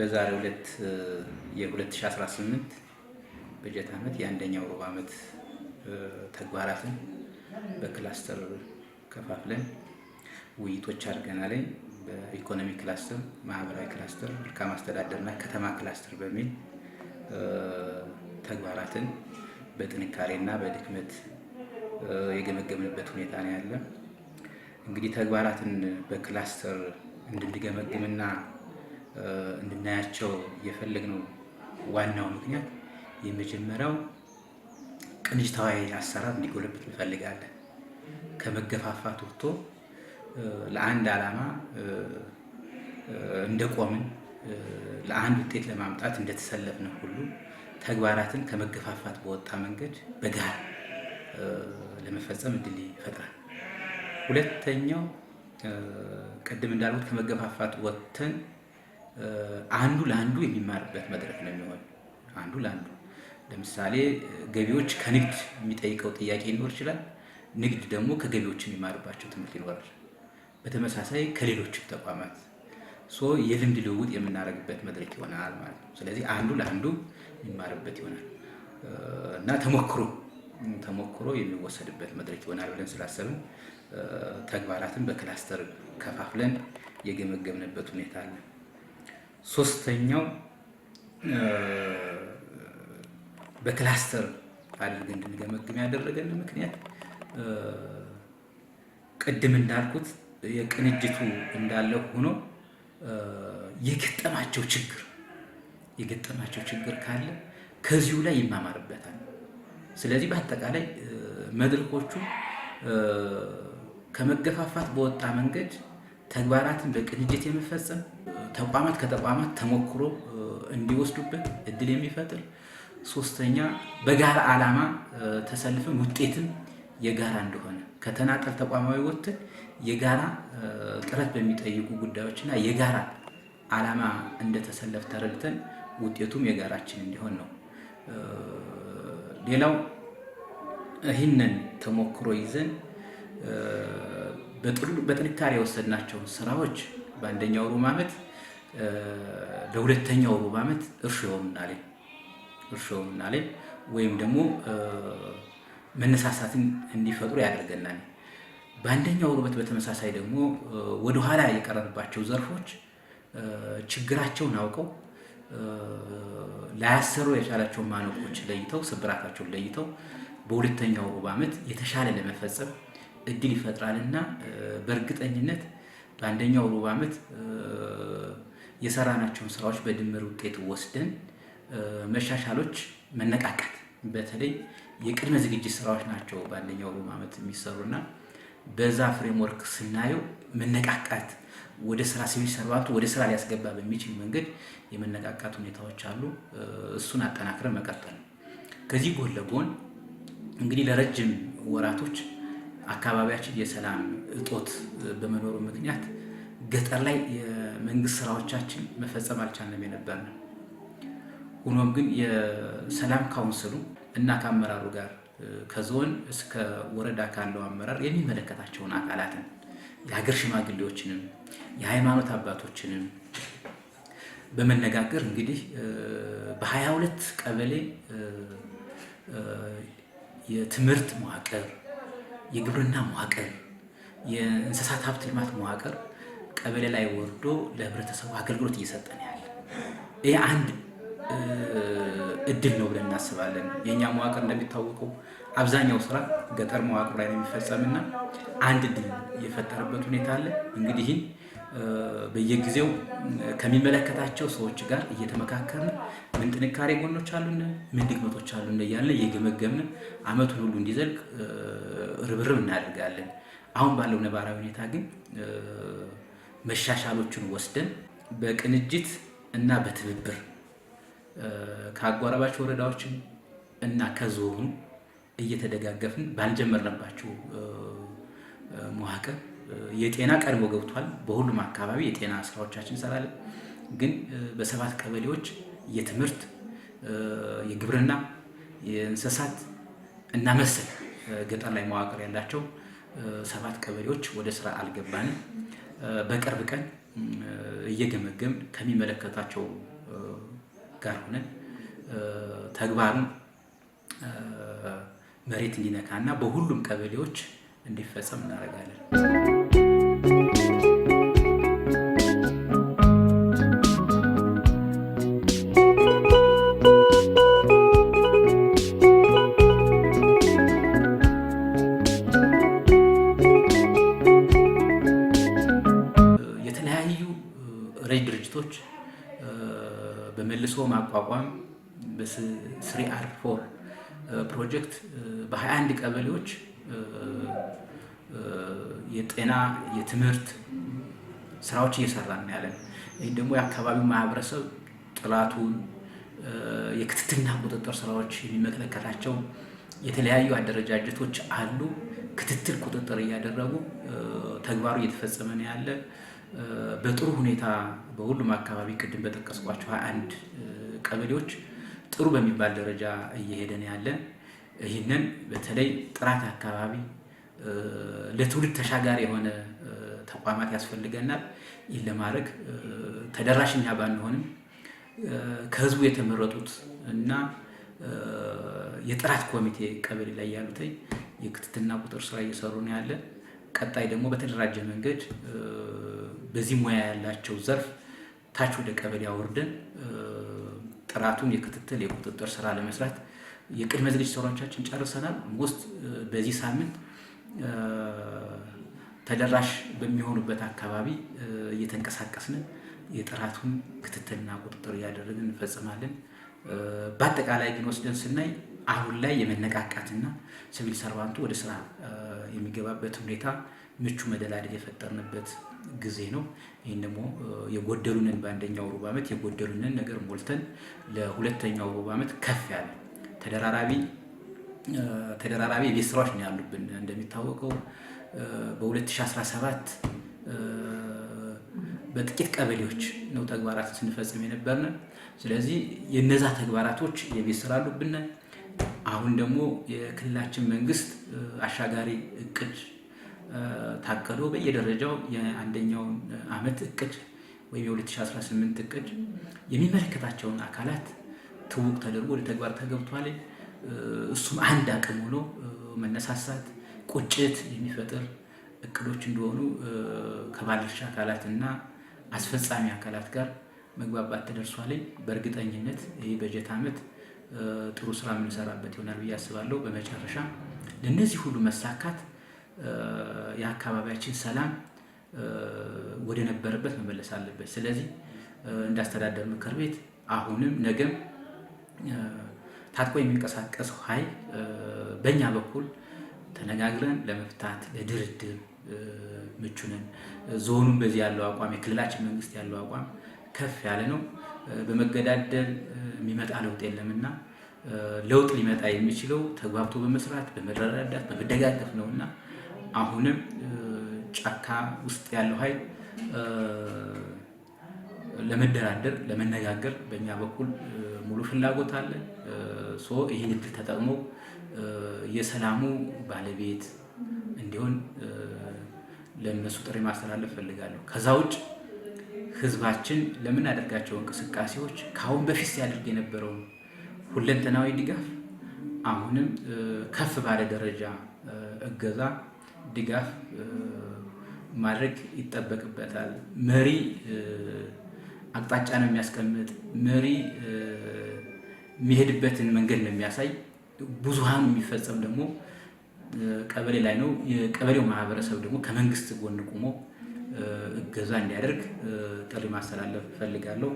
በዛሬ ሁለት የ2018 በጀት ዓመት የአንደኛው ሩብ ዓመት ተግባራትን በክላስተር ከፋፍለን ውይይቶች አድርገናል። በኢኮኖሚ ክላስተር፣ ማህበራዊ ክላስተር፣ መልካም አስተዳደር ከተማ ክላስተር በሚል ተግባራትን በጥንካሬ በድክመት የገመገምንበት ሁኔታ ነው ያለ። እንግዲህ ተግባራትን በክላስተር እንድንገመግምና እንድናያቸው የፈለግነው ዋናው ምክንያት የመጀመሪያው ቅንጅታዊ አሰራር እንዲጎለብት እንፈልጋለን። ከመገፋፋት ወጥቶ ለአንድ ዓላማ እንደቆምን ለአንድ ውጤት ለማምጣት እንደተሰለፍነ ሁሉ ተግባራትን ከመገፋፋት በወጣ መንገድ በጋራ ለመፈጸም እድል ይፈጥራል። ሁለተኛው ቅድም እንዳልኩት ከመገፋፋት ወጥተን አንዱ ለአንዱ የሚማርበት መድረክ ነው የሚሆን አንዱ ለአንዱ ለምሳሌ ገቢዎች ከንግድ የሚጠይቀው ጥያቄ ሊኖር ይችላል። ንግድ ደግሞ ከገቢዎች የሚማርባቸው ትምህርት ይኖራል። በተመሳሳይ ከሌሎችም ተቋማት የልምድ ልውውጥ የምናደርግበት መድረክ ይሆናል ማለት ነው። ስለዚህ አንዱ ለአንዱ የሚማርበት ይሆናል እና ተሞክሮ ተሞክሮ የሚወሰድበት መድረክ ይሆናል ብለን ስላሰብን ተግባራትን በክላስተር ከፋፍለን የገመገምንበት ሁኔታ አለ። ሶስተኛው በክላስተር አድርገን እንድንገመግም ያደረገን ምክንያት ቅድም እንዳልኩት የቅንጅቱ እንዳለ ሆኖ የገጠማቸው ችግር የገጠማቸው ችግር ካለ ከዚሁ ላይ ይማማርበታል። ስለዚህ በአጠቃላይ መድረኮቹ ከመገፋፋት በወጣ መንገድ ተግባራትን በቅንጅት የመፈጸም ተቋማት ከተቋማት ተሞክሮ እንዲወስዱበት እድል የሚፈጥር ሶስተኛ በጋራ ዓላማ ተሰልፈን ውጤትም የጋራ እንደሆነ ከተናጠል ተቋማዊ ወጥተን የጋራ ጥረት በሚጠይቁ ጉዳዮችና የጋራ ዓላማ እንደተሰለፍ ተረድተን ውጤቱም የጋራችን እንዲሆን ነው። ሌላው ይህንን ተሞክሮ ይዘን በጥንካሬ የወሰድናቸውን ስራዎች በአንደኛው ሩብ ዓመት ለሁለተኛው ሩብ ዓመት እርሾ ምናሌ እርሾ ምናሌ ወይም ደግሞ መነሳሳትን እንዲፈጥሩ ያደርገናል። በአንደኛው ሩበት በተመሳሳይ ደግሞ ወደኋላ የቀረንባቸው ዘርፎች ችግራቸውን አውቀው ላያሰሩ የቻላቸውን ማነቆች ለይተው ስብራታቸውን ለይተው በሁለተኛው ሩብ ዓመት የተሻለ ለመፈጸም እድል ይፈጥራልና በእርግጠኝነት በአንደኛው ሩብ ዓመት የሰራናቸውን ስራዎች በድምር ውጤት ወስደን መሻሻሎች፣ መነቃቃት በተለይ የቅድመ ዝግጅት ስራዎች ናቸው በአንደኛው ሩብ ዓመት የሚሰሩና በዛ ፍሬምወርክ ስናየው መነቃቃት ወደ ስራ ሲቪል ሰርቫንቱ ወደ ስራ ሊያስገባ በሚችል መንገድ የመነቃቃት ሁኔታዎች አሉ። እሱን አጠናክረን መቀጠል ነው። ከዚህ ጎን ለጎን እንግዲህ ለረጅም ወራቶች አካባቢያችን የሰላም እጦት በመኖሩ ምክንያት ገጠር ላይ የመንግስት ስራዎቻችን መፈጸም አልቻለም ነው። ሆኖም ግን የሰላም ካውንስሉ እና ከአመራሩ ጋር ከዞን እስከ ወረዳ ካለው አመራር የሚመለከታቸውን አካላትን የሀገር ሽማግሌዎችንም የሃይማኖት አባቶችንም በመነጋገር እንግዲህ በሀያ ሁለት ቀበሌ የትምህርት መዋቅር፣ የግብርና መዋቅር፣ የእንስሳት ሀብት ልማት መዋቅር ቀበሌ ላይ ወርዶ ለህብረተሰቡ አገልግሎት እየሰጠን ያለ ይህ አንድ እድል ነው ብለን እናስባለን። የእኛ መዋቅር እንደሚታወቀው አብዛኛው ስራ ገጠር መዋቅር ላይ ነው የሚፈጸምና አንድ እድል የፈጠረበት ሁኔታ አለ። እንግዲህ በየጊዜው ከሚመለከታቸው ሰዎች ጋር እየተመካከርን ምን ጥንካሬ ጎኖች አሉን፣ ምን ድክመቶች አሉን እያልን እየገመገምን አመቱን ሁሉ እንዲዘልቅ ርብርብ እናደርጋለን። አሁን ባለው ነባራዊ ሁኔታ ግን መሻሻሎችን ወስደን በቅንጅት እና በትብብር ከአጎራባች ወረዳዎችን እና ከዞኑ እየተደጋገፍን ባልጀመርንባቸው መዋቅር የጤና ቀድሞ ገብቷል። በሁሉም አካባቢ የጤና ስራዎቻችን እንሰራለን። ግን በሰባት ቀበሌዎች የትምህርት፣ የግብርና፣ የእንስሳት እና መሰል ገጠር ላይ መዋቅር ያላቸው ሰባት ቀበሌዎች ወደ ስራ አልገባንም። በቅርብ ቀን እየገመገም ከሚመለከታቸው ጋር ሆነን ተግባሩን መሬት እና በሁሉም ቀበሌዎች እንዲፈጸም እናደርጋለን። በመልሶ ማቋቋም በስሪ አር ፎር ፕሮጀክት በ21 ቀበሌዎች የጤና የትምህርት ስራዎች እየሰራ ነው ያለን። ይህ ደግሞ የአካባቢው ማህበረሰብ ጥራቱን የክትትልና ቁጥጥር ስራዎች የሚመለከታቸው የተለያዩ አደረጃጀቶች አሉ። ክትትል ቁጥጥር እያደረጉ ተግባሩ እየተፈጸመ ነው ያለ በጥሩ ሁኔታ በሁሉም አካባቢ ቅድም በጠቀስኳቸው ሀያ አንድ ቀበሌዎች ጥሩ በሚባል ደረጃ እየሄደን ያለን። ያለ። ይህንን በተለይ ጥራት አካባቢ ለትውልድ ተሻጋሪ የሆነ ተቋማት ያስፈልገናል። ይህን ለማድረግ ተደራሽኛ ባንሆንም ከህዝቡ የተመረጡት እና የጥራት ኮሚቴ ቀበሌ ላይ ያሉትኝ የክትትልና ቁጥር ስራ እየሰሩ ነው ያለ። ቀጣይ ደግሞ በተደራጀ መንገድ በዚህ ሙያ ያላቸው ዘርፍ ታች ወደ ቀበሌ አውርደን ጥራቱን የክትትል የቁጥጥር ስራ ለመስራት የቅድመ ዝግጅት ስራዎቻችን ጨርሰናል። ውስጥ በዚህ ሳምንት ተደራሽ በሚሆኑበት አካባቢ እየተንቀሳቀስን የጥራቱን ክትትልና ቁጥጥር እያደረግን እንፈጽማለን። በአጠቃላይ ግን ወስደን ስናይ አሁን ላይ የመነቃቃትና ሲቪል ሰርቫንቱ ወደ ስራ የሚገባበት ሁኔታ ምቹ መደላደል የፈጠርንበት ጊዜ ነው። ይህን ደግሞ የጎደሉንን በአንደኛው ሩብ ዓመት የጎደሉንን ነገር ሞልተን ለሁለተኛው ሩብ ዓመት ከፍ ያለ ተደራራቢ ተደራራቢ የቤት ስራዎች ነው ያሉብን። እንደሚታወቀው በ2017 በጥቂት ቀበሌዎች ነው ተግባራትን ስንፈጽም የነበርን። ስለዚህ የነዛ ተግባራቶች የቤት ስራ አሉብን። አሁን ደግሞ የክልላችን መንግስት አሻጋሪ እቅድ ታቀዶ በየደረጃው የአንደኛውን ዓመት እቅድ ወይም የ2018 እቅድ የሚመለከታቸውን አካላት ትውቅ ተደርጎ ወደ ተግባር ተገብቷል። እሱም አንድ አቅም ሆኖ መነሳሳት፣ ቁጭት የሚፈጥር እቅዶች እንደሆኑ ከባለድርሻ አካላት እና አስፈጻሚ አካላት ጋር መግባባት ተደርሷል በእርግጠኝነት ይህ በጀት ዓመት ጥሩ ስራ የምንሰራበት ይሆናል ብዬ አስባለሁ። በመጨረሻ ለእነዚህ ሁሉ መሳካት የአካባቢያችን ሰላም ወደ ነበረበት መመለስ አለበት። ስለዚህ እንዳስተዳደር ምክር ቤት አሁንም ነገም ታጥቆ የሚንቀሳቀሰው ኃይል በእኛ በኩል ተነጋግረን ለመፍታት ለድርድር ምቹ ነን። ዞኑም በዚህ ያለው አቋም የክልላችን መንግስት ያለው አቋም ከፍ ያለ ነው። በመገዳደል የሚመጣ ለውጥ የለምና ለውጥ ሊመጣ የሚችለው ተግባብቶ በመስራት በመረዳዳት በመደጋገፍ ነውና አሁንም ጫካ ውስጥ ያለው ኃይል ለመደራደር ለመነጋገር በእኛ በኩል ሙሉ ፍላጎት አለ። ይህን እድል ተጠቅሞ የሰላሙ ባለቤት እንዲሆን ለእነሱ ጥሪ ማስተላለፍ ፈልጋለሁ። ከዛ ውጭ ህዝባችን ለምናደርጋቸው እንቅስቃሴዎች ከአሁን በፊት ሲያደርግ የነበረውን ሁለንተናዊ ድጋፍ አሁንም ከፍ ባለ ደረጃ እገዛ ድጋፍ ማድረግ ይጠበቅበታል። መሪ አቅጣጫ ነው የሚያስቀምጥ። መሪ የሚሄድበትን መንገድ ነው የሚያሳይ። ብዙሃኑ የሚፈጸም ደግሞ ቀበሌ ላይ ነው። የቀበሌው ማህበረሰብ ደግሞ ከመንግስት ጎን ቁሞ እገዛ እንዲያደርግ ጥሪ ማስተላለፍ እፈልጋለሁ።